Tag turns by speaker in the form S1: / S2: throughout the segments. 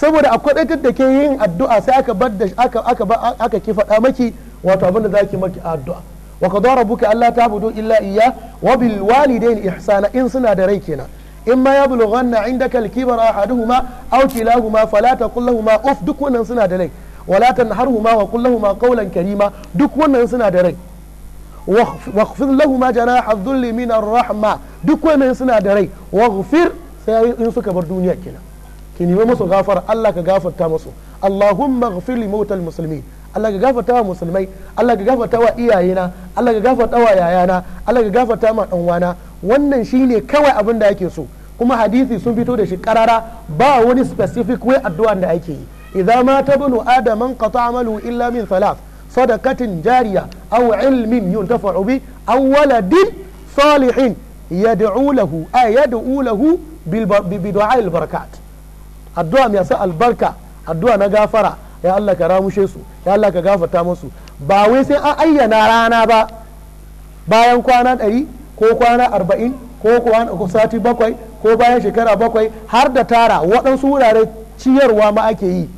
S1: saboda akwai ɗaitar da ke yin addu'a sai aka bar da aka aka ki faɗa maki wato abin da zaki maki addu'a wa qadara rabbuka alla ta'budu illa iyya wa bil walidayni ihsana in suna da rai kenan in ma yablughanna indaka al-kibara ahaduhuma aw kilahuma fala taqul lahumā uff duk wannan suna da rai wala tanharhuma wa qul lahumā qawlan karima duk wannan suna da rai واخفض لهما جناح الذل من الرحمة duk wannan suna da rai waghfir sai in suka bar duniya kenan ki nemi musu gafara Allah ka gafarta musu Allahumma ghfir li mautal muslimin Allah ka gafarta wa musulmai Allah ka gafarta wa iyayena Allah ka gafarta wa yayana Allah ka gafarta ma dan wannan shine kawai abin da ake so kuma hadisi sun fito da shi karara ba wani specific way addu'a da ake yi idza mata tabnu adaman qata amalu illa min thalath sadaqatin jariya aw ilmin yuntafa'u bi aw waladin salihin yad'u lahu ay yad'u lahu bil bidu'a al barakat addu'a mai sa albarka addu'a na gafara ya Allah ka ramushe su ya Allah ka gafarta musu ba wai sai an ayyana rana ba bayan kwana ɗari ko kwana arba'in ko kwana sati bakwai ko bayan shekara bakwai har da tara waɗansu wurare ciyarwa ma ake yi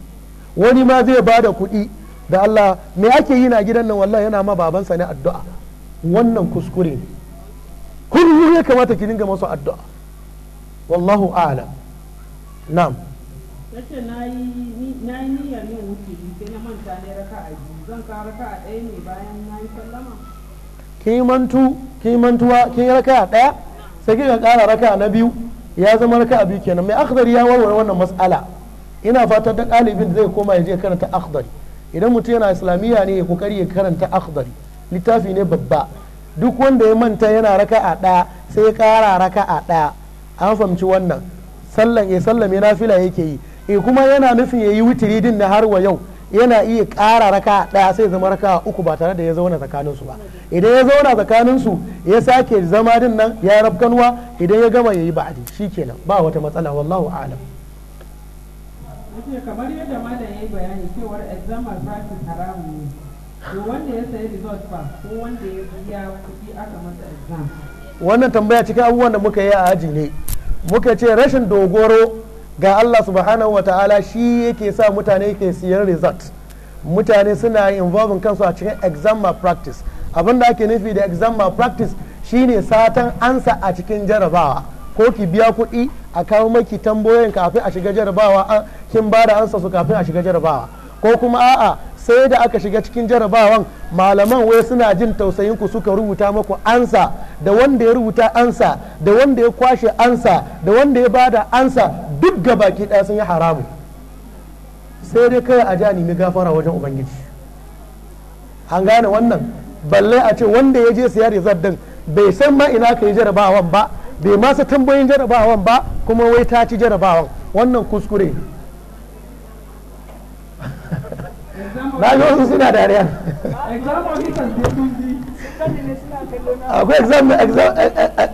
S1: wani ma zai bada da kuɗi da Allah me ake yi na gidan nan wallahi yana ma babansa ne addu'a wannan kuskure ne kullum ya kamata ki dinga masu addu'a wallahu a'lam na'am
S2: yace na yi niyyar yin sai na manta ne raka a biyu zan ka raka a ɗaya ne bayan na yi sallama
S1: kin mantu mantuwa raka a ɗaya sai kika ƙara raka na biyu ya zama raka a biyu kenan mai akhdari ya warware wannan mas'ala ina fatan da ɗalibin zai koma ya je karanta akhdari idan mutum yana islamiyya ne ya kokari ya karanta akhdari littafi ne babba duk wanda ya manta yana raka a ɗaya sai ya ƙara raka a ɗaya an fahimci wannan sallan ya sallame fila yake yi e kuma yana nufin ya yi witiri din na har wa yau yana iya ƙara raka ɗaya sai zama raka uku ba tare da ya zauna tsakanin ba idan ya zauna tsakanin su ya sake zama din nan ya rafkanwa idan ya gama ya yayi ba'adi kenan ba wata matsala wallahu a'lam wannan tambaya cikin abubuwan da muka yi a aji ne muka ce rashin dogoro ga Allah subhanahu wa ta'ala shi yake sa mutane ke siyan result mutane suna involving kansu a cikin exam malpractice abin da ake nufi da exam malpractice shine satan ansa a cikin jarabawa ko ki biya kuɗi a kawo maki tambayoyin kafin a shiga jarabawa kin ba da ansa su kafin a shiga jarabawa ko kuma a'a sai da aka shiga cikin jarabawan malaman wai suna jin tausayin ku suka rubuta maku ansa da wanda ya rubuta ansa da wanda ya kwashe ansa da wanda ya bada ansa duk ga baki ɗaya sun yi haramu sai dai kai a ja nemi gafara wajen ubangiji an gane wannan balle a ce wanda ya je siya rizal din bai san ma ina ka yi jarabawan ba bai masa tambayin jarabawan ba kuma wai ta ci jarabawan wannan kuskure na ga wasu suna dariya akwai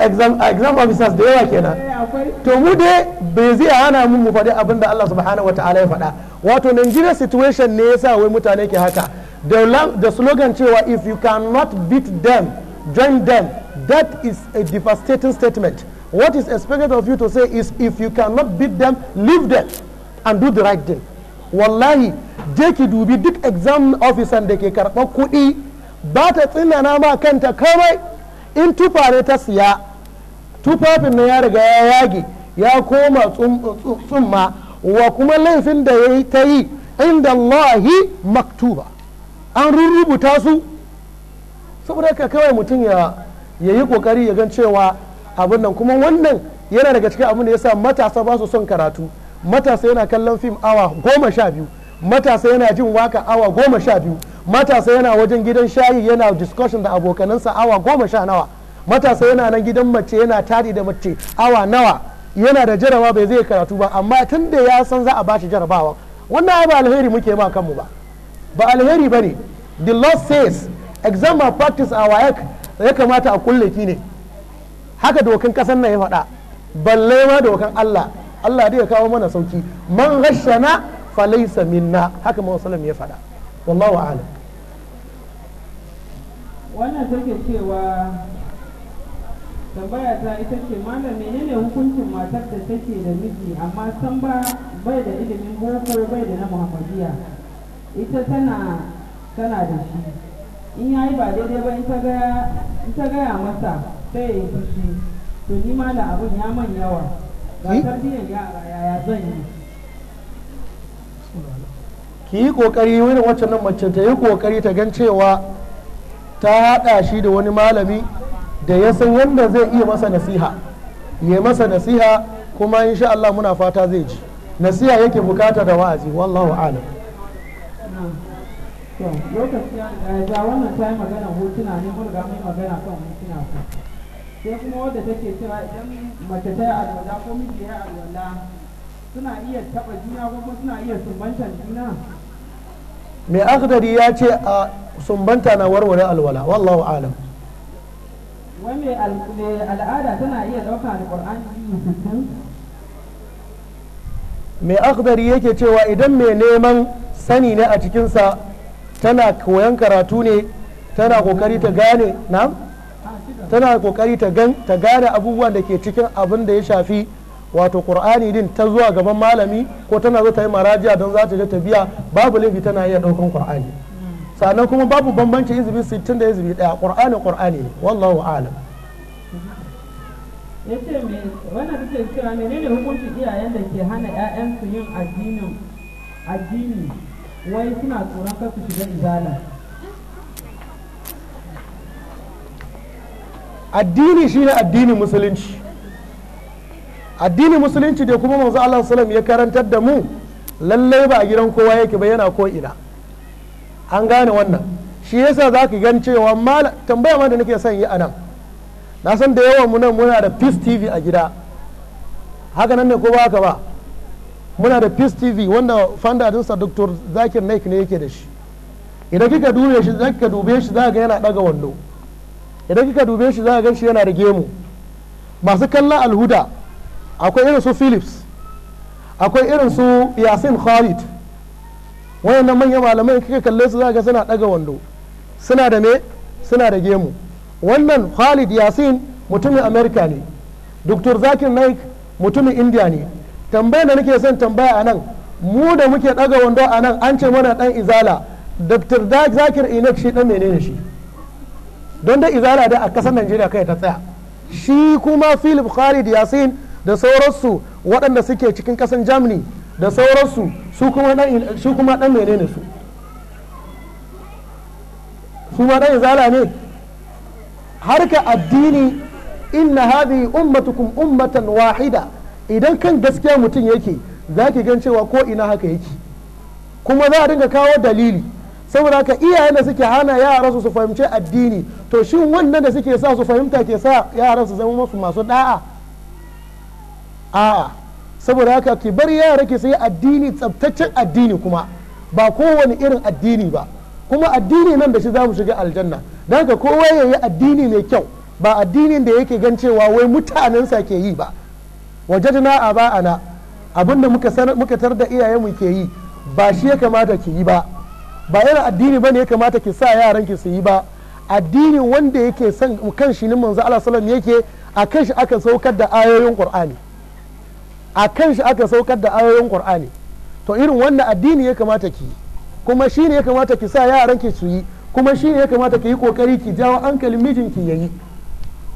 S1: exam officers da yawa kenan eh, to mu dai bai zai hana mu mu faɗi abin da Allah subhanahu wataala ya faɗa wato Nigeria situation ne yasa wai mutane ke haka The slogan cewa if you cannot beat them join them that is a devastating statement what is expected of you to say is if you cannot beat them leave them and do the right thing wallahi je ki dubi duk exam officer da ke karɓar kuɗi ba ta tsinana ma kanta kawai in tufa ne ta siya tufafin na ya riga ya yage ya koma tsumma wa kuma laifin da ya ta yi inda Allahi maktuba an rubuta su saboda ka kawai mutum ya yi kokari ya gan cewa abin nan kuma wannan yana daga cikin abin da ya sa matasa ba su son karatu matasa yana kallon fim awa goma sha biyu matasa yana jin waka awa goma sha biyu matasa yana wajen gidan shayi yana discussion da abokanansa awa goma sha nawa matasa yana nan gidan mace yana tari da mace awa nawa yana da jarawa bai zai karatu ba amma tun da ya san za a bashi jarabawa wannan ba alheri muke ma kanmu ba ba alheri ba ne the law says exam of practice a wayak ya kamata a kulle ki ne haka dokan kasan nan ya faɗa balle ma dokan Allah Allah dai ya kawo mana sauki man hashana falaisa minna haka ma wasallam ya faɗa wallahu a'lam
S2: wannan take cewa tambaya ta ita ce malam menene hukuncin matar da take da miji amma san ba bai da ilimin boko bai da na muhammadiya ita tana tana da shi in yayi ba daidai ba in ta gaya masa sai ya yi fushi to ni malam abin ya man yawa ga tarbiyyar yara yaya zan yi
S1: ki yi kokari wani wacce nan mace ta yi kokari ta gan cewa ta haɗa shi da wani malami da ya san yadda zai iya masa nasiha ya masa nasiha kuma insha Allah muna fata zai ji nasiha yake bukata da wa'azi wallahu alam
S2: lokaci da wannan ta yi magana hotuna ne mun ga mai magana kan hotuna ko sai kuma wadda take cewa idan mace ta yi alwala ko miji ya yi alwala suna iya taɓa juna kuma suna iya juna
S1: mai akhdari ya ce a sumbanta na warware alwala wallahu alam
S2: wai mai al'ada tana iya ɗauka
S1: mai akhdari yake cewa idan mai neman sani ne a cikinsa tana koyon karatu ne tana kokari ta gane na tana kokari ta gane abubuwan da ke cikin abin da ya shafi wato qur'ani din ta zuwa gaban malami ko tana zo ta yi marajiya don za ta je ta biya babu laifi tana iya daukan qur'ani sannan kuma babu bambanci izibi sittin da izibi daya qur'ani qur'ani ne wallahu a'lam
S2: yace me wannan take cewa menene hukunci iyayen da ke hana su yin addinin
S1: addini wai suna tsoron kar su shiga izala addini shine addinin musulunci addini musulunci da kuma manzo Allah sallam ya karantar da mu lallai ba a gidan kowa yake ba yana ko ina an gane wannan shi yasa za ka gan cewa tambaya ma da nake son yi anan na san da yawan mu nan muna da peace tv a gida haka nan ne ko ba haka ba muna da peace tv wanda fanda sa dr zakir naik ne yake da shi idan kika dube shi za ka dube shi za ga yana daga wando idan kika dube shi za ga shi yana da gemu masu kallon alhuda akwai irin su philips akwai irin su yasin khalid wayannan manyan malamai kika kalle su zaka suna daga wando suna da me suna da gemu wannan khalid yasin mutumin america ne dr zakir naik mutumin india ne tambayar da nake son tambaya a nan mu da muke daga wando a nan an ce mana dan izala dr zakir inak shi dan menene shi don da izala da a kasar najeriya kai ta tsaya shi kuma philip khalid yasin da sauransu waɗanda suke cikin ƙasan germany da sauransu su kuma ɗan ne su su ma ɗan izala ne harka addini inna hadhihi ummatukum ummatan wahida idan kan gaskiya mutum yake za ki gan cewa ko ina haka yake kuma za a dinga kawo dalili saboda ka iyayen da suke hana yara su fahimci addini to shin wannan da suke sa su fahimta ke sa yaran su zama masu masu da'a a'a saboda haka ki bar yara ki sai addini tsabtaccen addini kuma ba kowane irin addini ba kuma addini nan da shi za mu shiga aljanna don haka kowa ya yi addini mai kyau ba addinin da yake gan cewa wai mutanensa ke yi ba na a ba na abinda muka muka tar da iyayenmu ke yi ba shi ya kamata ki yi ba ba irin addini ba ne ya kamata ki sa yaran ki su yi ba addini wanda yake son kan shi ne manzo Allah sallallahu alaihi wasallam yake kan shi aka saukar da ayoyin Qur'ani a kan shi aka saukar da ayoyin qur'ani to irin wannan addini ya kamata ki kuma shi ne ya kamata ki sa yaran ki su yi kuma shi ne ya kamata ki yi kokari ki jawo ankalin mijinki ya yi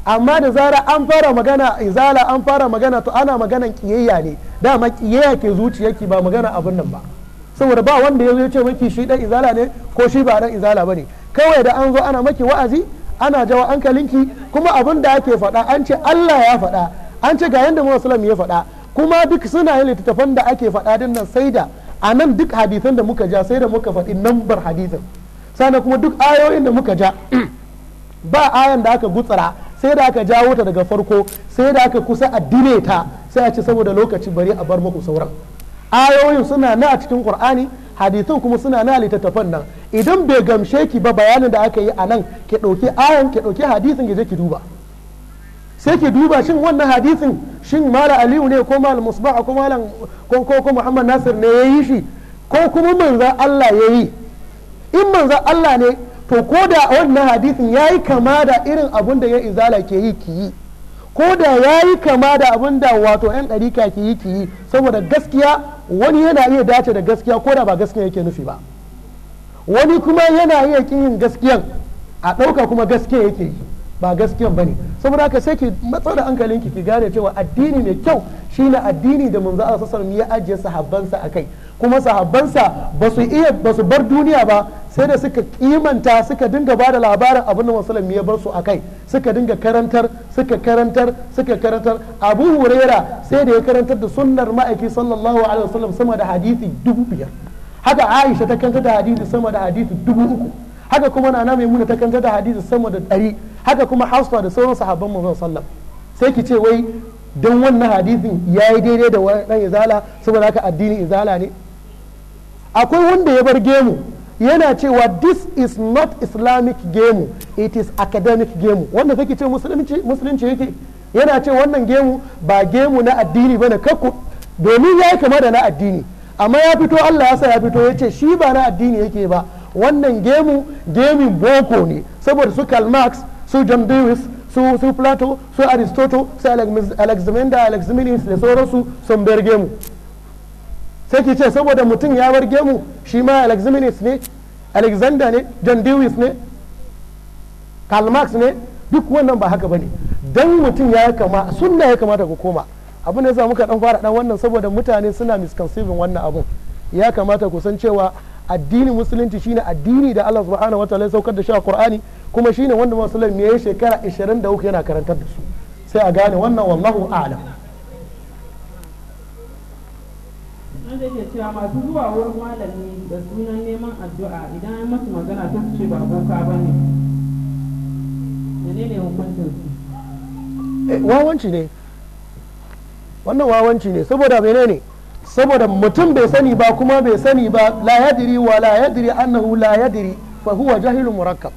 S1: amma da zara an fara magana izala an fara magana to ana magana kiyayya ne dama kiyayya ke zuciyarki ba magana abin nan ba saboda ba wanda ya ya ce maki shi dan izala ne ko shi ba dan izala bane kawai da an zo ana maki wa'azi ana jawo hankalinki kuma abin da ake faɗa an ce Allah ya faɗa an ce ga yanda Muhammad ya faɗa kuma duk suna yin littattafan da ake faɗa din nan sai da a nan duk hadisan da muka ja sai da muka faɗi nambar hadisan sannan kuma duk ayoyin da muka ja ba ayan da aka gutsara sai da aka jawo ta daga farko sai da aka kusa addine ta sai a ci saboda lokaci bari a bar muku sauran ayoyin suna na a cikin qur'ani hadisan kuma suna na littattafan nan idan bai gamshe ki ba bayanin da aka yi a nan ki ɗauki ayan ki ɗauki hadisin ki je ki duba sai ke duba shin wannan hadisin shin mala aliyu ne ko mal musba ko malam ko ko muhammad nasir ne ya yi shi ko kuma manzan allah ya yi in manzan allah ne to ko da wannan hadisin ya yi kama da irin abun da ya izala ke yi ki yi ko da ya yi kama da abun da wato yan ɗarika ke yi ki yi saboda gaskiya wani yana iya dace da gaskiya ko da ba gaskiya yake nufi ba wani kuma yana iya kin gaskiyan a ɗauka kuma gaskiya yake yi ba gaskiyan bane saboda haka sai ki matsa da hankalin ki ki gane cewa addini mai kyau shine addini da manzo Allah sallallahu ya ajiye sahabbansa akai kuma sahabbansa ba su iya ba su bar duniya ba sai da suka kimanta suka dinga ba da labarin abin da wasallam ya bar su akai suka dinga karantar suka karantar suka karantar Abu Huraira sai da ya karantar da sunnar ma'aiki sallallahu alaihi wasallam sama da hadisi dubu biyar haka Aisha ta karantar da hadisi sama da hadisi dubu uku haka kuma na mai muna ta karantar da hadisi sama da ɗari haka kuma hafsa da sauran sahabban manzon sallam sai ki ce wai don wannan hadisin ya yi daidai da wannan izala saboda haka addinin izala ne akwai wanda ya bar gemu yana cewa this is not islamic gemu it is academic gemu wanda sai ki ce musulunci yake yana ce wannan gemu ba gemu na addini bane kakku domin ya kama da na addini amma ya fito Allah ya sa ya fito yace shi ba na addini yake ba wannan gemu gemin boko ne saboda su Karl Marx su john dewis su su plato su aristotle su alexander aleximilis da sauransu sun berge gemu sai ki ce saboda mutum ya bar gemu shi ma aleximilis ne alexander ne john dewis ne karl marx ne duk wannan ba haka ba ne don mutum ya kama sunna ya kamata ku koma abin da ya muka kaɗan fara ɗan wannan saboda mutane suna misconceiving wannan abun ya kamata ku san cewa addinin musulunci shine addini da Allah subhanahu wataala ya saukar da shi a Qur'ani kuma shine wanda musulmi ya yi shekara 23 yana karantar da su sai a gane wannan wallahu a'lam
S2: da ke cewa masu zuwa wurin malami da sunan neman addu'a idan an masu magana ta ce ba boka ba ne menene hukuncin
S1: su eh, wawanci ne wannan wawanci ne saboda menene ne saboda mutum bai sani ba kuma bai sani ba la yadiri wa la yadiri annahu la yadiri fa huwa jahilun murakkab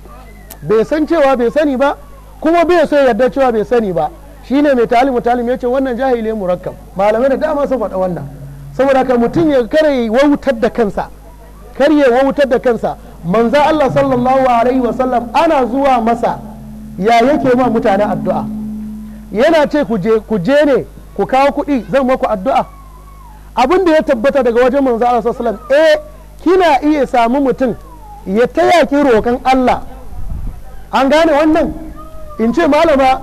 S1: bai san cewa bai sani ba kuma bai so yadda cewa bai sani ba shine mai talimu talimu yace wannan jahili murakkab malamai da dama sun faɗa wannan saboda ka mutum ya kare wautar da kansa kar ya wautar da kansa manzo Allah sallallahu alaihi wasallam ana zuwa masa ya yake ma mutane addu'a yana ce ku je ku je ne ku kawo kuɗi zan maku addu'a abin da ya tabbata daga wajen manzo Allah sallallahu alaihi eh kina iya samu mutum ya taya ki roƙon Allah an gane wannan in ce malama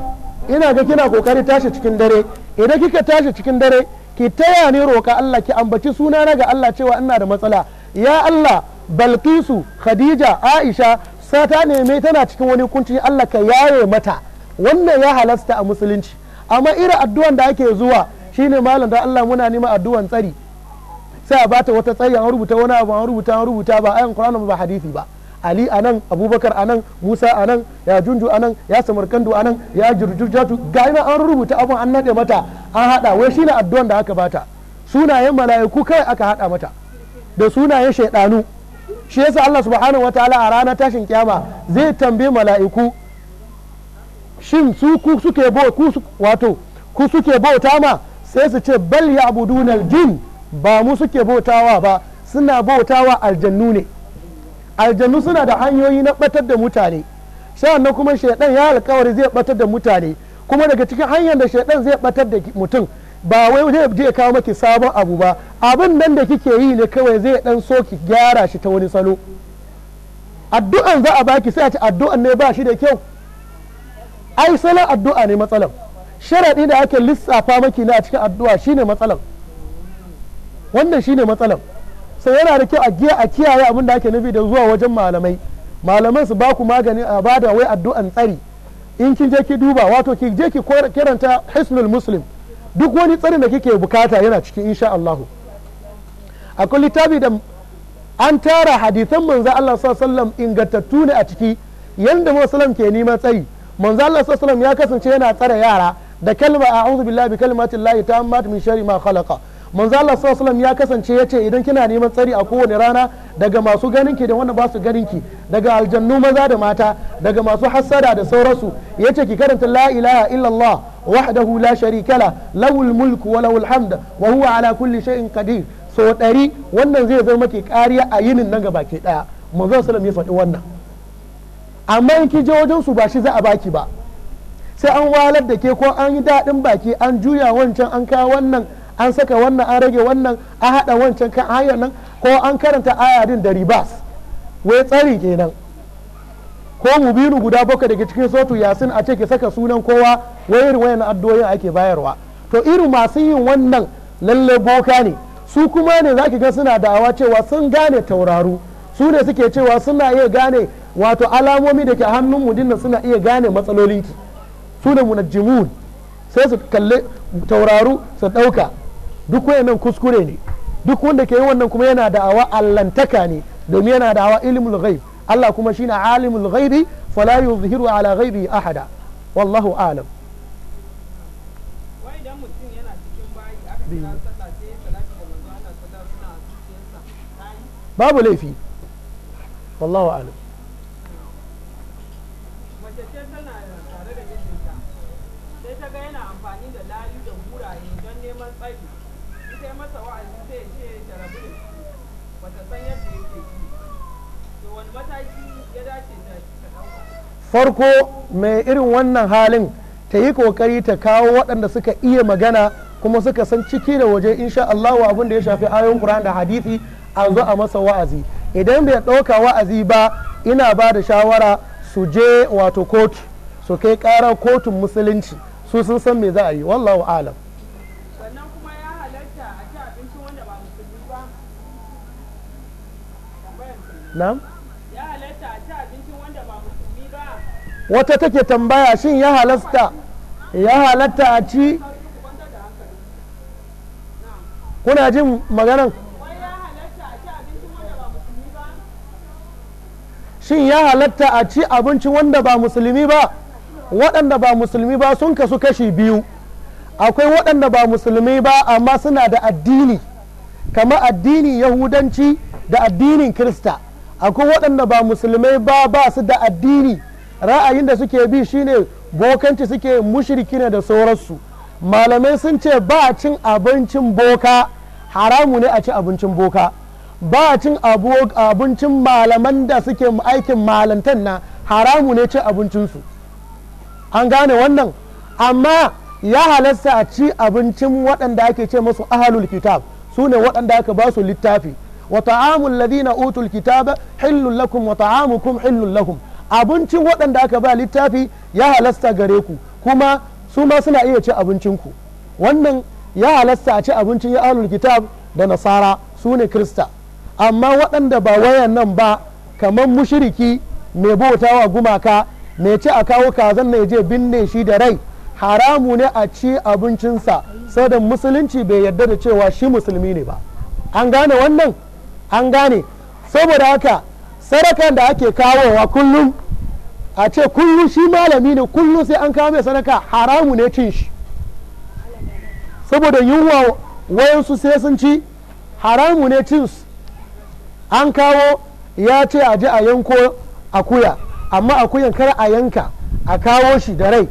S1: ina ga kina kokari tashi cikin dare idan kika tashi cikin dare ki taya ni roƙa Allah ki ambaci suna na ga Allah cewa ina da matsala ya Allah Balkisu Khadija Aisha sata ne mai tana cikin wani kunci Allah ka yaye mata wannan ya halasta a musulunci amma irin addu'an da ake zuwa ne malam da Allah muna nima addu'an tsari sai a bata wata tsari an rubuta wani abu an rubuta an rubuta ba ayan qur'ani ba hadisi ba ali anan abubakar anan musa anan ya junju anan ya samarkandu anan ya jurjurjatu ga ina an rubuta abun an nade mata an hada wai shi ne addu'an da aka bata sunayen mala'iku kai aka hada mata da sunayen shaidanu shi yasa Allah subhanahu wataala a ranar tashin kiyama zai tambaye mala'iku shin su ku suke bauta ma sai su ce bal ya abudunal jin ba mu suke bautawa ba suna bautawa aljannu ne aljannu suna da hanyoyi na batar da mutane na kuma shaidan ya alkawari zai batar da mutane kuma daga cikin hanyar da shaidan zai batar da mutum ba wai zai je kawo maki sabon abu ba abin nan da kike yi ne kawai zai dan so ki gyara shi ta wani salo addu'an za a baki sai a ci addu'an ne ba shi da kyau ai salon addu'a ne matsalar sharaɗi da ake lissafa maki na a cikin addu'a shine matsalan wannan shine matsalan sai yana da kyau a giya a kiyaye abin da ake nufi da zuwa wajen malamai malaman su baku magani a bada wai addu'an tsari in kin je ki duba wato ki je ki kiranta hisnul muslim duk wani tsarin da kike bukata yana cikin insha Allahu akwai littafi da an tara hadisan manzo Allah sallallahu ingantattu ne a ciki yanda musulmi ke neman tsayi manzo Allah sallallahu ya kasance yana tsare yara da kalma auzu billahi bi ta tammat min shari ma khalaqa manzo Allah sallallahu alaihi ya kasance yace idan kina neman tsari a kowane rana daga masu ganin ki da wanda ba su ganin ki daga aljannu maza da mata daga masu hassada da sauransu yace ki karanta la ilaha illallah wahdahu la sharika la lahul mulku wa lahul hamd wa huwa ala kulli shay'in qadir so ɗari wannan zai zama ki kariya a yinin nan gaba ke daya manzo sallallahu ya faɗi wannan amma in ki je wajen su ba shi za a baki ba sai an walar da ke ko an yi daɗin baki an juya wancan an kawo wannan an saka wannan an rage wannan an haɗa wancan kan hanyar nan ko an karanta ayadin da ribas wai tsari kenan ko mu binu guda bakwai daga cikin sotu yasin a ce ke saka sunan kowa wayar wayan addoyin ake bayarwa to irin masu yin wannan lalle boka ne su kuma ne za ga suna da'awa cewa sun gane tauraru su ne suke cewa suna iya gane wato alamomi da ke hannun mu dinna suna iya gane matsaloli su ne munajjimun sai su kalle tauraru su ɗauka duk wayannan kuskure ne duk wanda ke yi wannan kuma yana da'awa allantaka ne domin yana da'awa ilmul ghaib Allah kuma shine alimul ghaibi fala yuzhiru ala ghaibi ahada wallahu alam babu laifi wallahu alam farko mai irin wannan halin ta yi kokari ta kawo waɗanda suka iya magana kuma suka san ciki da waje insha Allahu abin da ya shafi ayoyin Qur'an da hadisi a zo a masa wa'azi idan bai ɗauka wa'azi ba ina ba da shawara su je wato kotu su kai ƙara kotun musulunci su sun san me za a yi wallahu alam No? wata take tambaya shin ya halasta ya halatta a ci kuna jin maganan shin ya halatta a ci abinci wanda ba musulmi ba waɗanda ba musulmi ba sun kasu kashi biyu akwai waɗanda ba musulmi ba amma suna da addini kamar addini yahudanci da addinin kirista akwai waɗanda ba musulmai ba ba su da addini ra'ayin da suke bi shine bokanci suke mushriki ne da sauransu malamai sun ce ba a cin abincin boka haramu ne a ci abincin boka ba a cin abincin malaman da suke aikin malantan na haramu ne ci abincinsu an gane wannan amma ya halasta a ci abincin waɗanda ake ce masu ahalul kitab su ne waɗanda aka ba su littafi wata amun ladina utul kitab hillun lakum wata ta'amukum hillun lakum. abincin waɗanda aka ba littafi ya halasta gare ku kuma su ma suna iya ci abincin ku wannan ya halasta a ci abincin ya alul kitab da nasara su ne krista amma waɗanda ba wayan nan ba kamar mushiriki mai bautawa gumaka mai ci a kawo kazan na je binne shi da rai haramu ne a ci abincinsa saboda musulunci bai yarda da cewa shi musulmi ne ba an gane wannan an gane saboda haka sadakan da ake kawowa kullum a ce kullum shi malami ne kullum sai an kawo mai sadaka haramu ne cin shi saboda yunwa wayansu sai sun ci haramu ne cin su an kawo ya ce a ji a yanko akuya amma akuyan kar a yanka a kawo shi da rai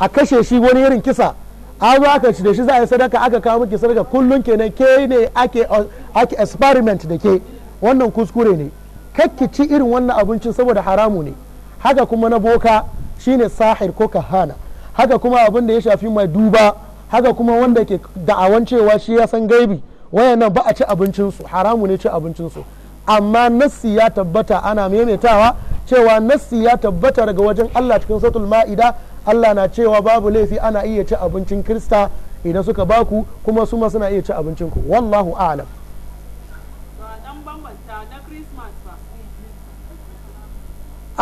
S1: a kashe shi wani irin kisa a zo aka ci da shi za a yi sadaka aka kawo miki sadaka kullum kenan ke ne ake experiment da ke wannan kuskure ne kakki ci irin wannan abincin saboda haramu ne haka kuma na boka shine sahir ko kahana haka kuma abin da ya shafi mai duba haka kuma wanda ke da'awan cewa shi ya san gaibi wayannan ba a ci abincinsu haramu ne ci abincinsu amma nassi ya tabbata ana maimaitawa cewa nassi ya tabbata daga wajen Allah cikin satulma ma'ida Allah na cewa babu laifi ana iya ci abincin krista idan suka baku kuma su suna iya ci abincin ku wallahu a'lam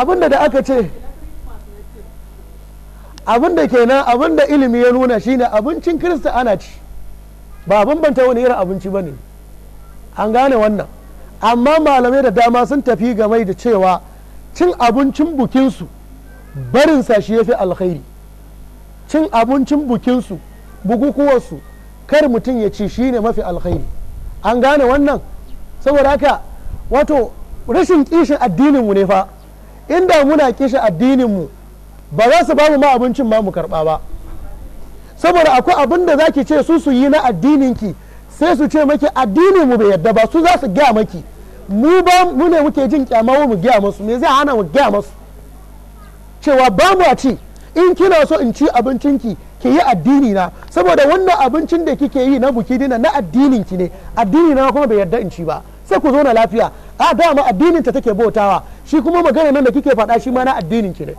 S1: abinda da aka ce abinda kenan abinda ilimi ya nuna shine abincin kirista ana ci ba banta wani irin abinci ba ne an gane wannan amma malamai da dama sun tafi game da cewa cin abincin bukinsu barinsa shi ya fi alkhairi cin abincin bukinsu bukukuwarsu kar mutum ya ci shi ne mafi alkhairi an gane wannan saboda haka wato rashin kishin addininmu ne fa inda muna kishi mu ba za su bamu ma abincin ma mu karɓa ba saboda akwai abin da zaki ce su su yi na ki sai su ce maki addinin mu bai yadda ba su za su gaya maki mu ba mu ne muke jin kyamawa mu gaya musu me zai hana mu gaya musu cewa ba mu a ci in kina so in ci abincin ki yi addini na saboda wannan abincin da kike yi na buki dina na addinin ki ne addini na kuma bai yarda in ci ba sai ku zo na lafiya a dama addinin ta take bautawa shi kuma magana nan da kike faɗa shi ma na addinin ki ne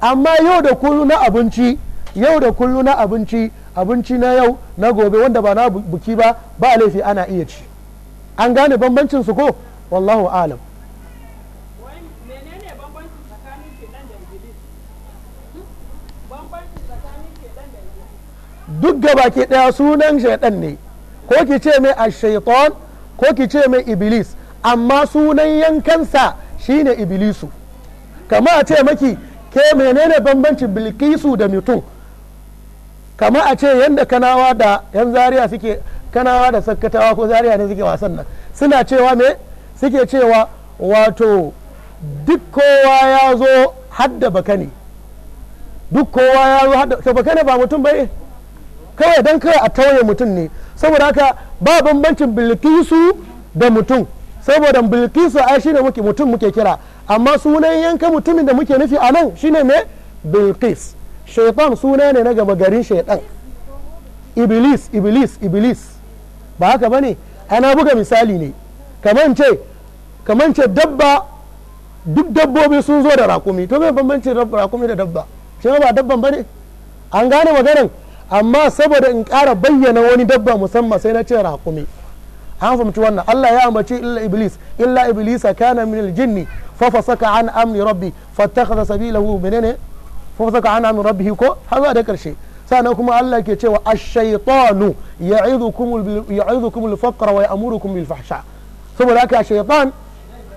S1: amma yau da kullu na abinci yau da kullu na abinci abinci na yau na gobe wanda ba na buki ba ba laifi ana iya ci an gane bambancin su ko wallahu alam duk gaba ke daya sunan shaidan ne ko ki ce mai a ko ki ce mai iblis amma sunan yankansa shine ibilisu kama a ce maki ke menene bambancin bilkisu da mutum kama a ce yadda kanawa da yan zaria suke kanawa da sakkatawa ko zaria ne suke wasan nan suna cewa me suke cewa wato duk kowa ya zo hadda baka ne duk kowa ya zo hadda baka ne ba mutum bai kawai don kawai a tauye mutum ne saboda haka ba bambancin bilkisu da mutum saboda bilkisu ai shine muke mutum muke kira amma sunan yanka mutumin da muke nufi a nan shine me bilkis shaitan suna ne na gaba garin shaitan iblis iblis iblis ba haka bane ana buga misali ne kaman ce dabba duk dabbobi sun zo da rakumi to me bambanci rakumi da dabba shi ba dabban bane an gane maganan amma saboda in kara bayyana wani dabba musamman sai na ce rakumi an fahimci wannan Allah ya ambaci illa iblis illa iblis kana min aljinni fa fasaka an amri rabbi fattakhadha sabilahu menene fa fasaka an amri rabbihi ko har da karshe sannan kuma Allah ke cewa ash-shaytanu ya'idukum ya'idukum al-faqra wa ya'murukum bil fahsha saboda haka shaytan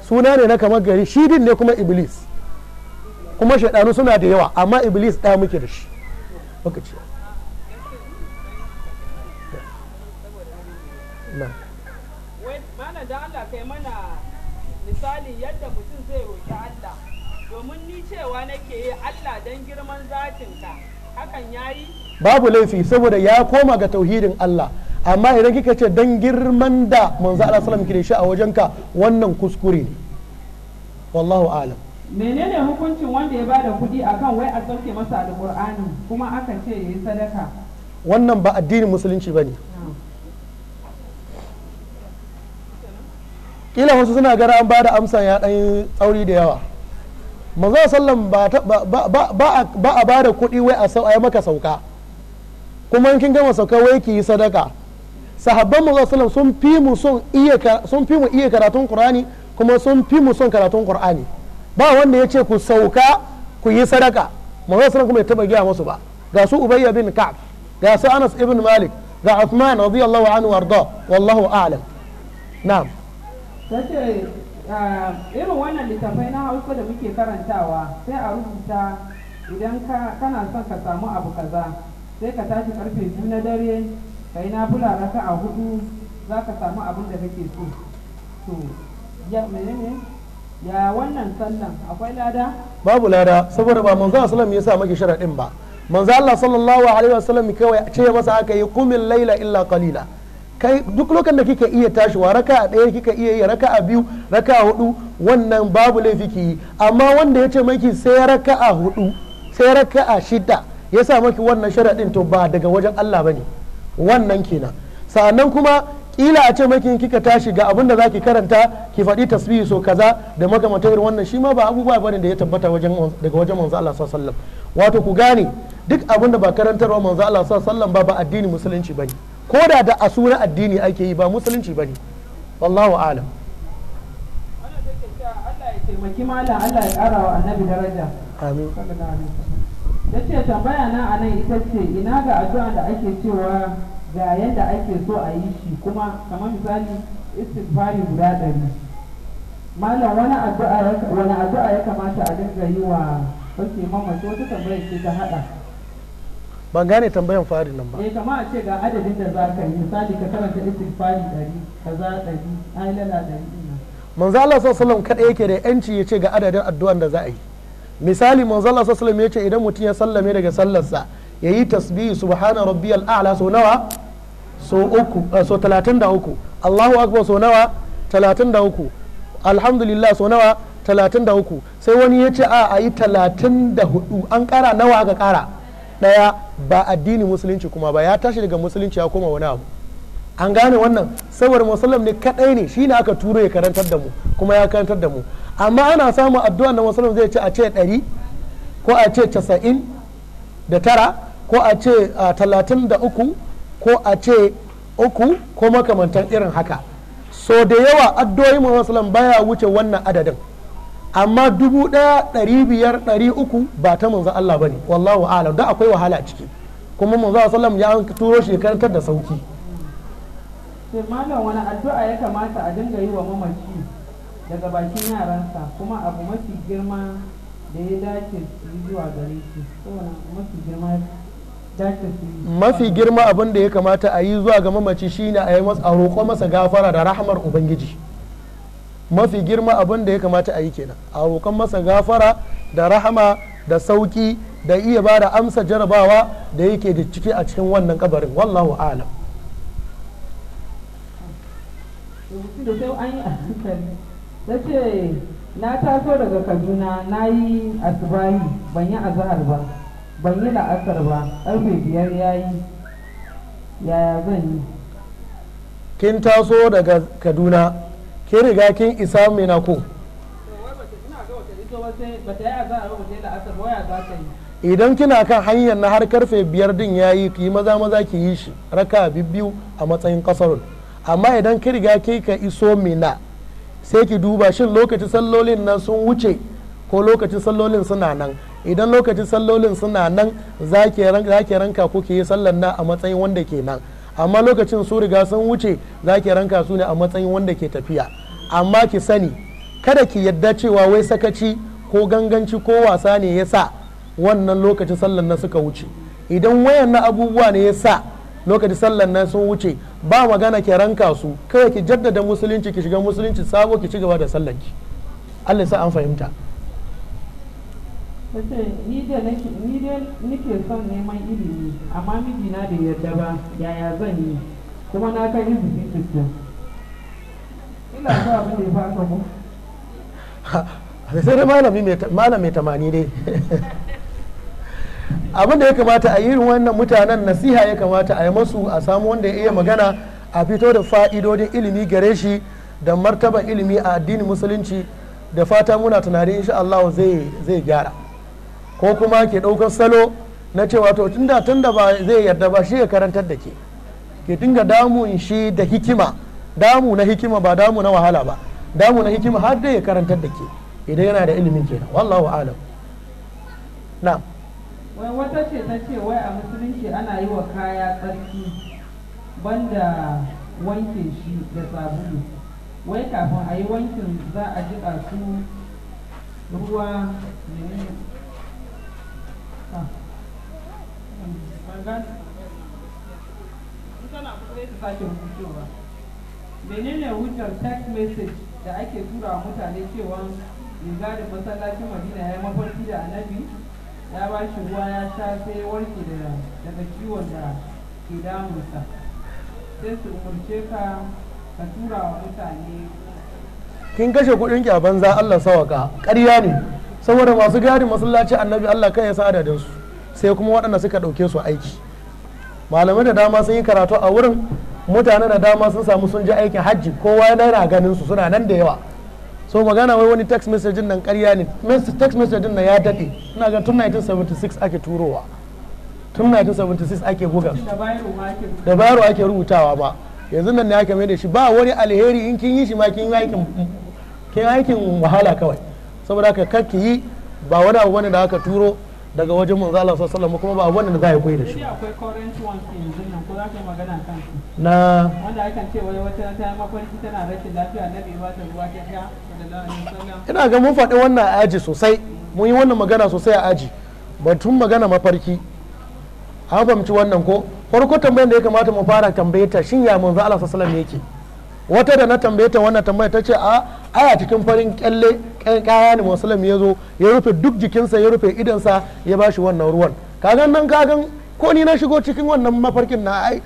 S1: suna ne na kamar gari shi din ne kuma iblis kuma shaydanu suna da yawa amma iblis ɗaya muke da shi lokaci
S2: nake yi Allah dan girman zatinka hakan yayi
S1: babu laifi saboda ya koma ga tauhidin Allah amma idan kika ce dan girman da manzo Allah sallallahu alaihi wasallam a wajenka wannan kuskure ne wallahu alam
S2: menene hukuncin wanda ya bada kuɗi akan wai a sauke masa alqur'ani kuma aka ce yayi sadaka
S1: wannan ba addinin musulunci bane kila wasu suna gara an bada amsa ya dan tsauri da yawa maza sallan ba a ba da kuɗi wai a yi maka sauka kuma kin gama sauka wai ki yi sadaka sahabban maza sallam sun fi mu iya karatun qur'ani kuma sun fi mu son karatun qur'ani ba wanda ya ce ku sauka ku yi sadaka maza sallan kuma ya taba giya masu ba ga su ubayya bin ka'ab ga su anas ibn malik ga uthman radiyallahu anhu warda wallahu a'lam na'am
S2: Ah, irin wannan littafai na hausa da muke karantawa sai a rubuta idan kana son ka samu abu kaza sai ka tashi karfe biyu na dare ka yi nafula raka a hudu za ka samu abin da kake so to ya menene ya wannan sallan akwai lada
S1: babu lada saboda ba manzo sallallahu ya sa maki sharadin ba manzo Allah sallallahu alaihi wasallam kawai ce masa aka yi qumil laila illa qalila kai duk lokacin da kika iya tashi tashiwa raka'a ɗaya kika iya yi raka'a biyu raka'a hudu wannan babu laifi ki yi amma wanda ya ce maki sai raka'a hudu sai raka'a shida ya sa maki wannan sharaɗin to ba daga wajen Allah bane wannan kenan sa'annan kuma kila a ce maki kika tashi ga abin da zaki karanta ki faɗi tasbihi so kaza da makamantar irin wannan shi ma ba abubuwa bane da ya tabbata daga wajen manzo Allah sallallahu alaihi wasallam wato ku gane duk abin da ba karantarwa manzo Allah sallallahu alaihi wasallam ba ba addini musulunci bane ko da da a addini ake yi ba musulunci ba ne wallahu alam
S2: taimaki malam Allah ya ƙara wa annabi daraja. Amin. Ya ce tambaya na a nan ita ce ina ga addu'a da ake cewa ga yadda ake so a yi shi kuma kamar misali istighfari guda ɗari. Malam wani addu'a ya kamata a dinga yi wa kake mamaci wata tambaya ce ta haɗa.
S1: ban gane tambayan fari nan ba
S2: eh kama a ce ga adadin da za ka yi misali ka karanta istighfari 100 kaza 100 ailala 100
S1: manzo Allah sallallahu alaihi wasallam yake da yanci ya ce ga adadin addu'an da za a yi misali manzo Allah sallallahu alaihi wasallam ya ce idan mutum ya sallame daga sallarsa ya yi tasbihi subhana rabbiyal a'la so nawa so uku eh, so 33 Allahu akbar so nawa 33 alhamdulillah so nawa 33 sai wani ya ce a a yi 34 an kara nawa aka kara ɗaya ba addini musulunci kuma ba ya tashi daga musulunci ya koma wani abu an gane wannan saboda musulun ne kadai ne shine aka turo ya karantar da mu kuma ya karantar da mu amma ana samun addu'a na musulun zai ci a ce ɗari ko a ce casa'in da tara ko a ce talatin da uku ko a ce uku ko makamantan irin haka so da yawa addu'o'in musulun baya wuce wannan adadin amma dubu ɗaya ɗari biyar ɗari uku ba ta manzo Allah bane wallahu ala da akwai wahala a ciki kuma manzo sallam ya turo shi karantar da sauki
S2: malam wani addu'a ya kamata a dinga yi wa mamaci daga bakin yaransa kuma abu mafi girma da ya dace su yi zuwa gare shi mafi girma
S1: mafi girma abin da ya kamata a yi zuwa ga mamaci shine a yi masa a roƙo masa gafara da rahamar ubangiji mafi girma abin da ya kamata a yi kenan a roƙon masa gafara da rahama da sauki da iya ba da amsa jarabawa da yake da ciki a cikin wannan kabarin wallahu alam
S2: na taso daga kaduna na yi asibahi ban yi azahar ba ban yi la'asar ba ƙarfe biyar ya yi
S1: yaya zan yi kin taso daga kaduna ke riga kin isa mai ko idan kina kan hanyar na har karfe biyar din ya yayi ki maza maza ki yi shi raka bibbiyu a matsayin kasarun amma idan ki riga ki ka iso mina sai ki duba shin lokacin sallolin nan sun wuce ko lokacin sallolin suna nan idan lokacin sallolin suna nan za ki ranka ko ki yi sallan na a matsayin wanda ke nan amma lokacin su riga sun wuce za ki ranka su ne a matsayin wanda ke tafiya amma ki sani kada ki yadda cewa wai sakaci ko ganganci ko wasa ne ya sa wannan lokacin sallan na suka wuce idan wayan na abubuwa ne ya sa lokacin sallan na sun wuce ba magana ki ranka su kawai ki jaddada musulunci ki shiga musulunci sabo ki ci gaba da sallanki Allah ya sa an fahimta ta da abin da ya tamani dai abin da ya kamata a yi wannan mutanen nasiha ya kamata a yi masu a samu wanda ya iya magana a fito da fa'idodin ilimi gare shi da martaba ilimi a addinin musulunci da fata muna tunani insha Allah zai gyara ko kuma ke ɗaukar salo na cewa to tunda tunda ba zai yarda ba shi ya karantar da ke ke dinga damu in shi da hikima damu na hikima ba damu na wahala ba damu na hikima har dai ya karantar da ke idan yana da ilimin kenan wallahu alam
S2: na. wai wata ce ta ce wai a musulunci ana yi wa kaya tsarki banda wanke shi da sabulu wai kafin a yi wankin za a jiƙa su ruwa menene hujjar text message da ake tura wa mutane cewa riga da masallacin madina ya mafarki da annabi ya ba shi ruwa ya sha sai warke daga ciwon da ke damunsa sai su umarce ka ka tura wa mutane
S1: kin kashe kudin ki a banza Allah sawaka ƙarya ne saboda masu gadi masallaci annabi Allah kai ya sa adadin su sai kuma waɗanda suka ɗauke su aiki malamai da dama sun yi karatu a wurin mutane da dama sun samu sun ji aikin hajji kowa yana ganin su suna nan da yawa so magana wai wani text message nan karya ne text message nan ya daɗe ina ga tun 1976 ake turowa tun 1976 ake buga da bayarwa ake rubutawa ba yanzu nan ne aka mai da shi ba wani alheri in kin yi shi ma kin yi aikin wahala kawai saboda haka kakki yi ba wani abu bane da aka turo daga wajen manzo Allah sallallahu alaihi kuma ba abu da za a koyi da shi
S2: akwai current ones yanzu nan ko za ka yi magana kan na wanda aka ce wai wata ta mafarki tana rashin lafiya bai ba ta ruwa ta sha
S1: ina ga mun faɗi wannan a aji sosai mun yi wannan magana sosai a aji batun magana mafarki an fahimci wannan ko farko tambayar da ya kamata mu fara ta shin ya manzo Allah sallallahu alaihi yake wata da na ta wannan tambayar ta ce a aya cikin farin kyalle kan kaya ne musulun ya zo ya rufe duk jikinsa ya rufe idansa ya ba shi wannan ruwan kagan nan kagan ko ni na shigo cikin wannan mafarkin na ai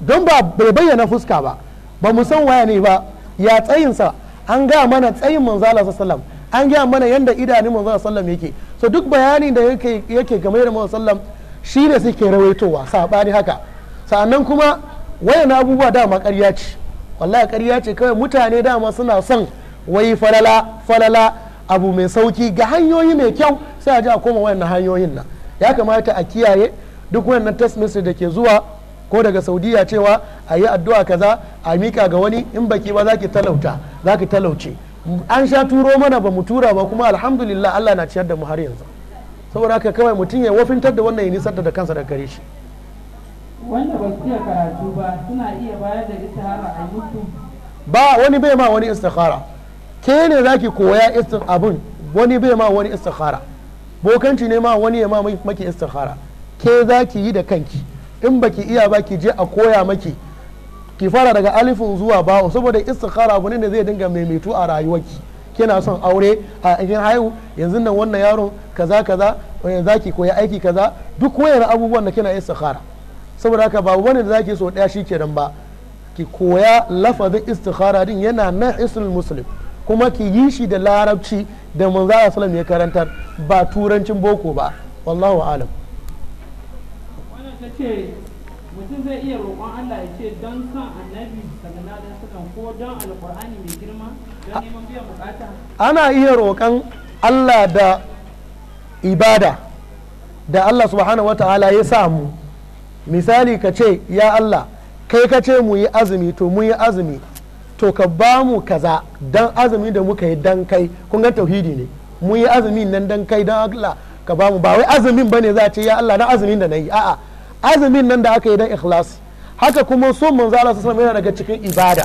S1: don ba bai bayyana fuska ba ba mu san waya ne ba ya tsayinsa an ga mana tsayin manzala sallam an gaya mana yanda idanun manzala sallam yake so duk bayani da yake game da manzala sallam shi ne suke rawaitowa sabani haka sannan kuma wayan abubuwa dama karya ce wallahi karya ce kawai mutane dama suna son wai falala falala abu mai sauki ga hanyoyi mai kyau sai a ji a koma wayannan hanyoyin nan ya kamata a kiyaye duk wayannan test message da ke zuwa ko daga saudiya cewa a yi addu'a kaza a mika ga wani in baki ba za ki talauta za talauce an sha turo mana ba mu tura ba kuma alhamdulillah Allah na ciyar da mu har yanzu saboda haka kawai mutum ya wafintar da wannan ya nisar da kansa da gare shi
S2: wanda ba su iya karatu ba suna iya bayar da istihara a YouTube
S1: ba wani bai ma wani istikhara ke ne za ki koya istin wani bai ma wani istikhara bokanci ne ma wani ya ma maki istikhara ke za ki yi da kanki in baki iya ba ki je a koya maki ki fara daga alifin zuwa bawo saboda istikhara abu ne da zai dinga maimaitu a rayuwarki kina son aure a ajin haihu yanzu nan wannan yaron kaza kaza eh, za ki koya aiki kaza duk koyar abubuwan da kina istikhara saboda haka babu wani da za ki so daya shikenan ba ki koya lafazin istikhara din yana na ismul muslim kuma ki yi shi da larabci da manzo a salam ya karantar ba turancin boko ba wallahu alam
S2: wannan ta ce mutum zai iya roƙon Allah ya ce don san annabi sallallahu alaihi wasallam ko don alqur'ani mai girma don neman biyan bukata
S1: ana iya roƙon Allah da ibada da Allah subhanahu wataala ya samu misali ka ce ya Allah kai ka ce mu yi azumi to mu yi azumi to ka ba mu kaza dan azumi da muka yi dan kai kun ga tauhidi ne mun yi azumin nan dan kai dan Allah ka ba mu ba wai azumin bane za a ce ya Allah Dan azumin da nayi a'a azumin nan da aka yi dan ikhlasi haka kuma son manzo Allah sallallahu yana daga cikin ibada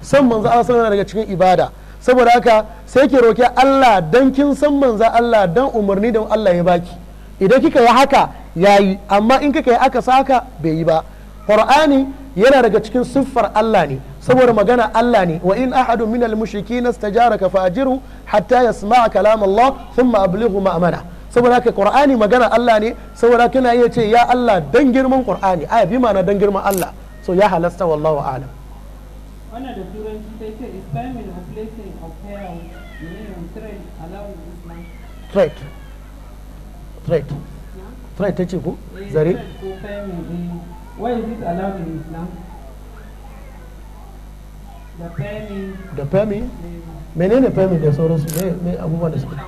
S1: son manzo Allah sallallahu yana daga cikin ibada saboda haka sai ke roke Allah dan kin san manzo Allah dan umarni da Allah ya baki idan kika yi haka yayi amma in kika yi aka saka bai yi ba qur'ani yana daga cikin siffar Allah ne saboda magana Allah ne wa in ahadun min al-mushrikeena istajaraka fa ajiru hatta yasma'a kalam Allah thumma ablighu ma'mana saboda haka Qur'ani magana Allah ne saboda kana iya ce ya Allah dan girman Qur'ani aya bi ma'ana dan girman Allah so ya halasta wallahu a'lam
S2: wannan da turanci sai ce islamic replacing of hair trade allowing islam
S1: trade trade trade ta ce ko eh, zare
S2: eh. why is it allowed in islam da
S1: fami menene fami da sauransu ne abubuwan eh. da suka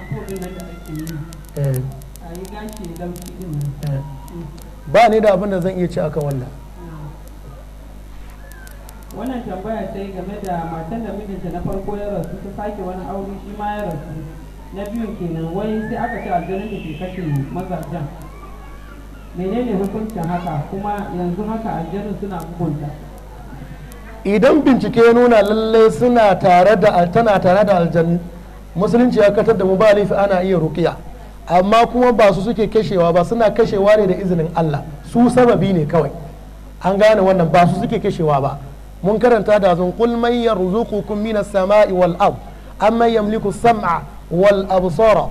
S1: eh. ba ni da abin da zan iya ci aka wannan
S2: ah. wannan tambaya ta yi game da matan da mijinta na farko ya rasu ta sake wani aure shi ma ya rasu na biyun kenan wai sai aka ce aljanin da ke kashe mazajen menene hukuncin haka kuma yanzu haka aljanin suna hukunta
S1: idan bincike ya nuna lalle suna tare da tana tare da aljanu musulunci ya katar da mu ba laifi ana iya rukiya amma kuma ba su suke kashewa ba suna kashewa ne da izinin Allah su sababi ne kawai an gane wannan ba su suke kashewa ba mun karanta da zun qul man yarzuqukum minas sama'i wal ard amma yamliku sam'a wal absara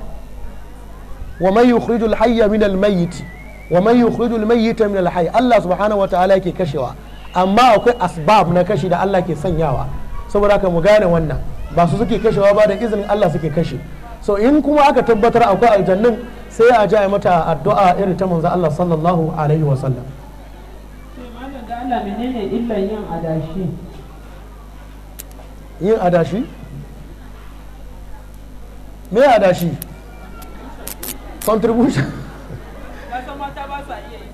S1: wa man yukhrijul hayya minal mayyit wa man yukhrijul mayyita minal hayy Allah subhanahu wa ta'ala yake kashewa amma akwai asbab na kashi da Allah ke sanyawa saboda ka mu gane wannan ba su suke kashewa ba da izinin Allah suke kashe so in kuma aka tabbatar akwai aljannin sai a ja mata addu'a irin ta manzo Allah sallallahu alaihi wa sallam Allah menene illan yin adashi yin adashi me adashi contribution
S2: ba san mata ba sa iya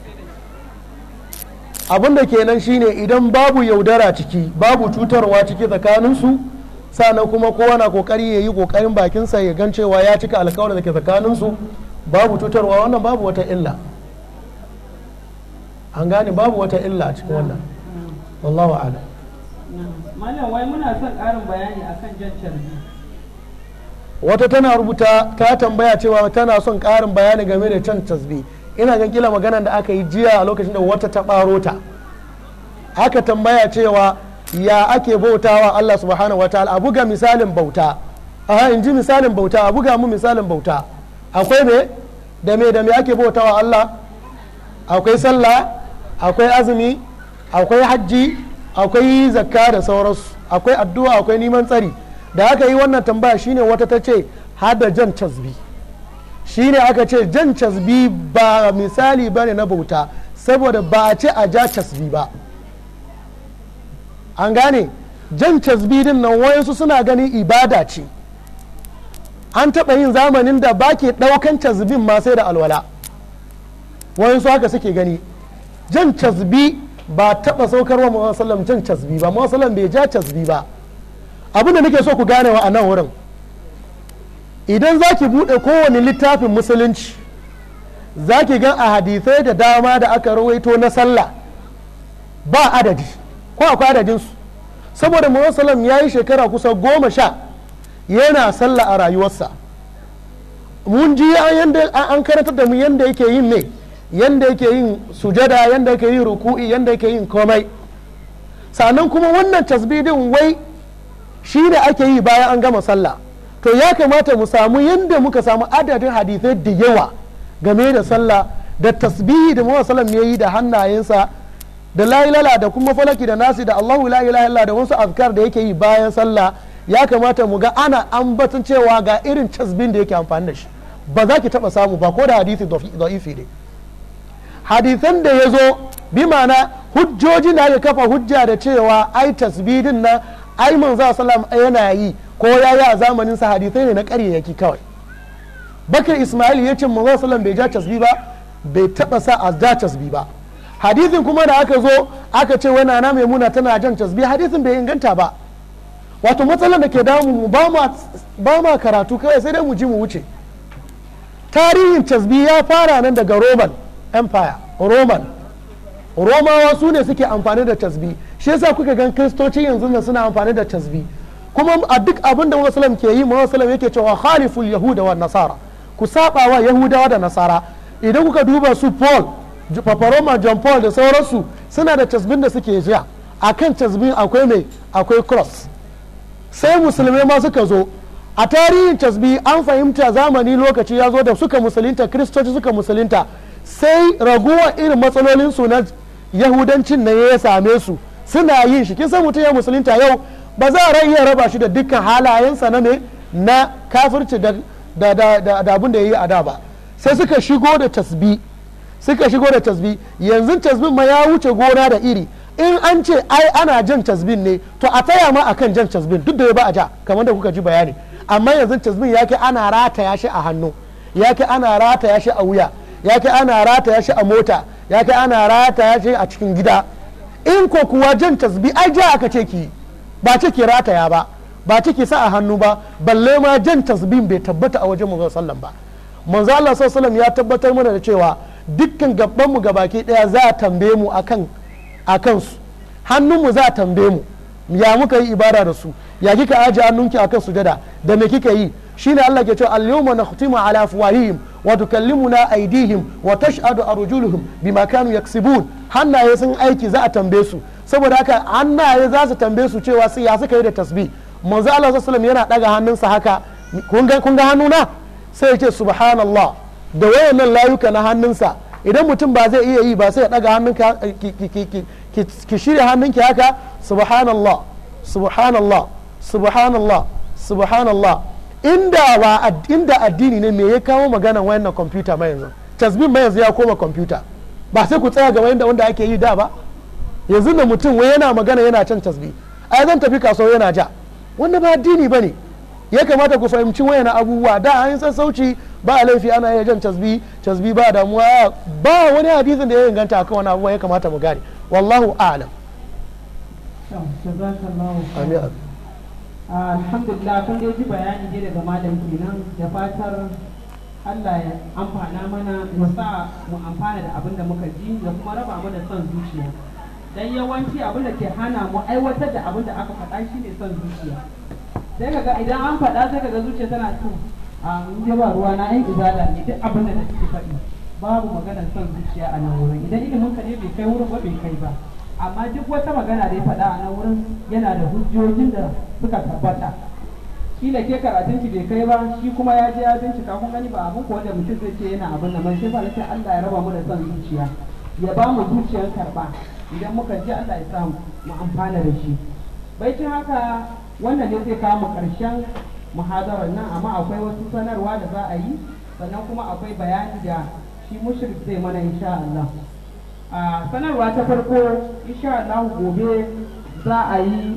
S1: abin da kenan shine idan babu yaudara ciki babu cutarwa ciki tsakaninsu sannan kuma kowa na kokari ya yi kokarin bakinsa ya gan cewa ya cika alkawarin da ke tsakaninsu babu cutarwa wannan babu wata illa an gane babu wata illa a cikin wannan wallahu a'lam
S2: malam wai muna son karin bayani akan jan
S1: wata tana rubuta ta tambaya cewa tana son ƙarin bayani game da can tasbi ina gan kila magana da aka yi jiya a lokacin da wata ta baro ta aka tambaya cewa ya ake bautawa Allah subhanahu wa ta'ala a buga misalin bauta aha in ji misalin bauta a buga mu misalin bauta akwai me da me da me ake bautawa Allah akwai sallah akwai azumi akwai hajji akwai zakka da sauransu akwai addu'a akwai neman tsari da aka yi wannan tambaya shine wata ta ce hada jan tasbih Shi ne aka ce jan casbi ba misali ba ne na bauta saboda ba a ce a ja casbi ba an gane jan casbi din nan wayansu suna gani ibada ce an taɓa yin zamanin da ba ke ɗaukan casbin ma sai da alwala wayansu haka suke gani jan casbi ba taɓa saukarwa muhammadu sallam jan casbi ba muhammadu bai ja casbi ba abin da nake so ku gane wa a nan wurin idan za ki buɗe kowane littafin musulunci za ki gan a hadisai da dama da aka rawaito na sallah ba adadi ko akwai adadinsu saboda musulun ya yi shekara kusa goma sha yana sallah a rayuwarsa mun ji an karantar da mu yadda yake yin ne yadda yake yin sujada yadda yake yin ruku'i yadda yake yin komai sannan kuma wannan tasbidin wai shi ne ake yi bayan an gama sallah to ya kamata mu samu yadda muka samu adadin hadisai da yawa game da sallah da tasbihi da mawa sallam ya yi da hannayensa da la'ilala da kuma falaki da nasi da allahu la ilaha da wasu azkar da yake yi bayan sallah ya kamata mu ga ana ambatan cewa ga irin tasbihin da yake amfani da shi ba za ki taba samu ba ko da hadisi dhaifi ne hadisan da ya zo bi ma'ana hujjoji na ya kafa hujja da cewa ai tasbihin nan ai manzo sallam yana yi ko ya yi a zamanin sa hadisai ne na yaki kawai bakar ismail ya ce manzo sallam bai ja casbi ba bai taba sa a ja casbi ba hadisin kuma da aka zo aka ce na mai Muna tana jan casbi. hadisin bai inganta ba wato matsalar da ke damu mu ba ma karatu kawai sai dai mu ji mu wuce tarihin casbi ya fara nan daga roman empire roman romawa su ne suke amfani da casbi. shi yasa kuka gan kristoci yanzu nan suna amfani da casbi? kuma a duk abin da ke yi Muhammad yake cewa khaliful yahuda wa nasara ku saba wa yahudawa da nasara idan kuka duba su Paul Paparoma John Paul da sauransu suna da tasbin da suke jiya A kan tasbin akwai mai akwai cross sai musulmai ma suka zo a tarihin tasbi an fahimta zamani lokaci ya zo da suka musulinta kristoci suka musulunta sai raguwa irin matsalolinsu na yahudancin na ya same su suna yin shi kin san mutum ya musulunta yau ba za a iya raba shi da dukkan halayensa na me na kafirci da abin da ya yi a da ba sai suka shigo da tasbi suka shigo da tasbi yanzu tasbin ma ya wuce gona da iri in an ce ai ana jan tasbin ne to a taya ma akan jan tasbin duk da ya ba a ja kamar da kuka ji bayani amma yanzu tasbin yake ana ana rataya shi a hannu ya ana ana rataya shi a wuya yake ana ana rataya shi a mota ya ana ana rataya shi a cikin gida in ko kuwa jan tasbi ai ja aka ce ki ba ciki rataya ba ba ciki sa a hannu ba balle ma jan tasbin bai tabbata a wajen manzo sallam ba manzo Allah sallallahu ya tabbatar mana da cewa dukkan gabban mu gabaki daya za a tambaye mu akan akan su hannun mu za a tambaye mu ya muka yi ibada da su ya kika aje hannunki akan sujada da me kika yi shine Allah ke cewa al-yawma nakhtimu ala afwahihim wa tukallimuna aydihim wa tashhadu arjuluhum bima kanu yaksibun hannaye sun aiki za a tambaye su saboda haka hannaye za su tambaye su cewa sai ya suka yi da tasbi manzo Allah sallallahu yana daga hannunsa haka kun ga kun ga hannuna sai ya subhanallah da wayannan layuka na hannunsa idan mutum ba zai iya yi ba sai ya daga hannunka ki shirya hannunki haka subhanallah subhanallah subhanallah subhanallah inda ba inda addini ne me ya kawo magana wannan kwamfuta mai yanzu tasbin mai yanzu ya koma kwamfuta ba sai ku tsaya ga wanda wanda ake yi da ba yanzu da mutum wai yana magana yana can tasbi ai zan tafi kasuwa yana ja wanda ba addini bane ya kamata ku fahimci wayannan abubuwa da an san sauci ba a laifi ana iya jan tasbi tasbi ba damuwa ba wani hadisin da ya inganta akan wani abubuwa ya kamata mu gane wallahu a'lam
S2: Ah, alhamdulillah kun dai ji bayani dai daga malam kenan da fatar Allah ya amfana mana mu sa mu amfana da abin da muka ji da kuma raba mana son zuciya dan yawanci abin da ke hana mu aiwatar da abin da aka faɗa shi ne son zuciya sai kaga idan an faɗa sai kaga zuciya tana to a ah, je ba ruwa na yan izala ne duk abin da take faɗi babu maganar son zuciya a nan wurin idan ilimin ka ne bai kai wurin ba bai kai ba amma duk wata magana da ya faɗa a nan wurin yana da hujjojin da suka tabbata kila ke karatun ki bai kai ba shi kuma ya je ya bincika kun gani ba abin ko wanda mutum zai ce yana abin man shi fara ce Allah ya raba mu da son zuciya ya ba mu zuciyar karba idan muka ji Allah ya samu mu amfana da shi baikin haka wannan ne zai kawo mu karshen muhadarar nan amma akwai wasu sanarwa da za a yi sannan kuma akwai bayani da shi mushrik zai mana insha Allah sanarwa ta farko isha Allah gobe za a yi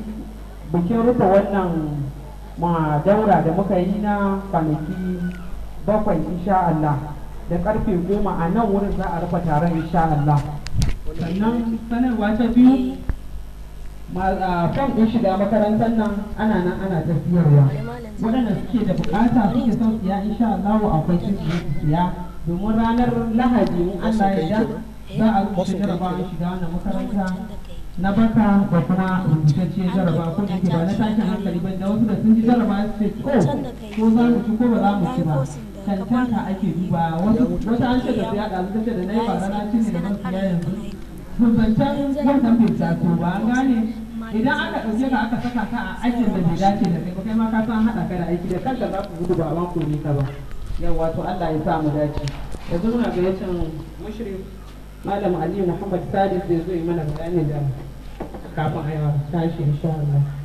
S2: bikin rufe wannan ma daura da muka yi na kwanaki bakwai insha Allah da karfe goma a nan wurin za a rufe taron insha Allah sannan sanarwa ta biyu kan kun shiga makarantar nan ana nan ana tafiyarwa waɗanda suke da bukata suke son siya insha Allah akwai cikin siya domin ranar lahadi in Allah ya za a rubuta jarabawa shiga wannan makaranta na baka da kuma rubutacciyar jaraba ko da ke ba na tashin hankali ban da wasu da sun ji jaraba su ce oh, ko ko za mu ci ko ba za mu ci ba cancanta ake duba wata an ce da su yada su da na yi ba rana ci ne da masu ya yanzu zancen wannan bai taso ba an gane idan aka ɗauke ka aka saka ka a aikin da bai dace da kai ba kai ma ka san haɗa ka da aiki da kanka za ku gudu ba ban ne ka ba yawa to Allah ya sa mu dace yanzu muna ga yacin mushrik malam ali muhammad salis zai zo yi mana bayani da kafin a tashi insha Allah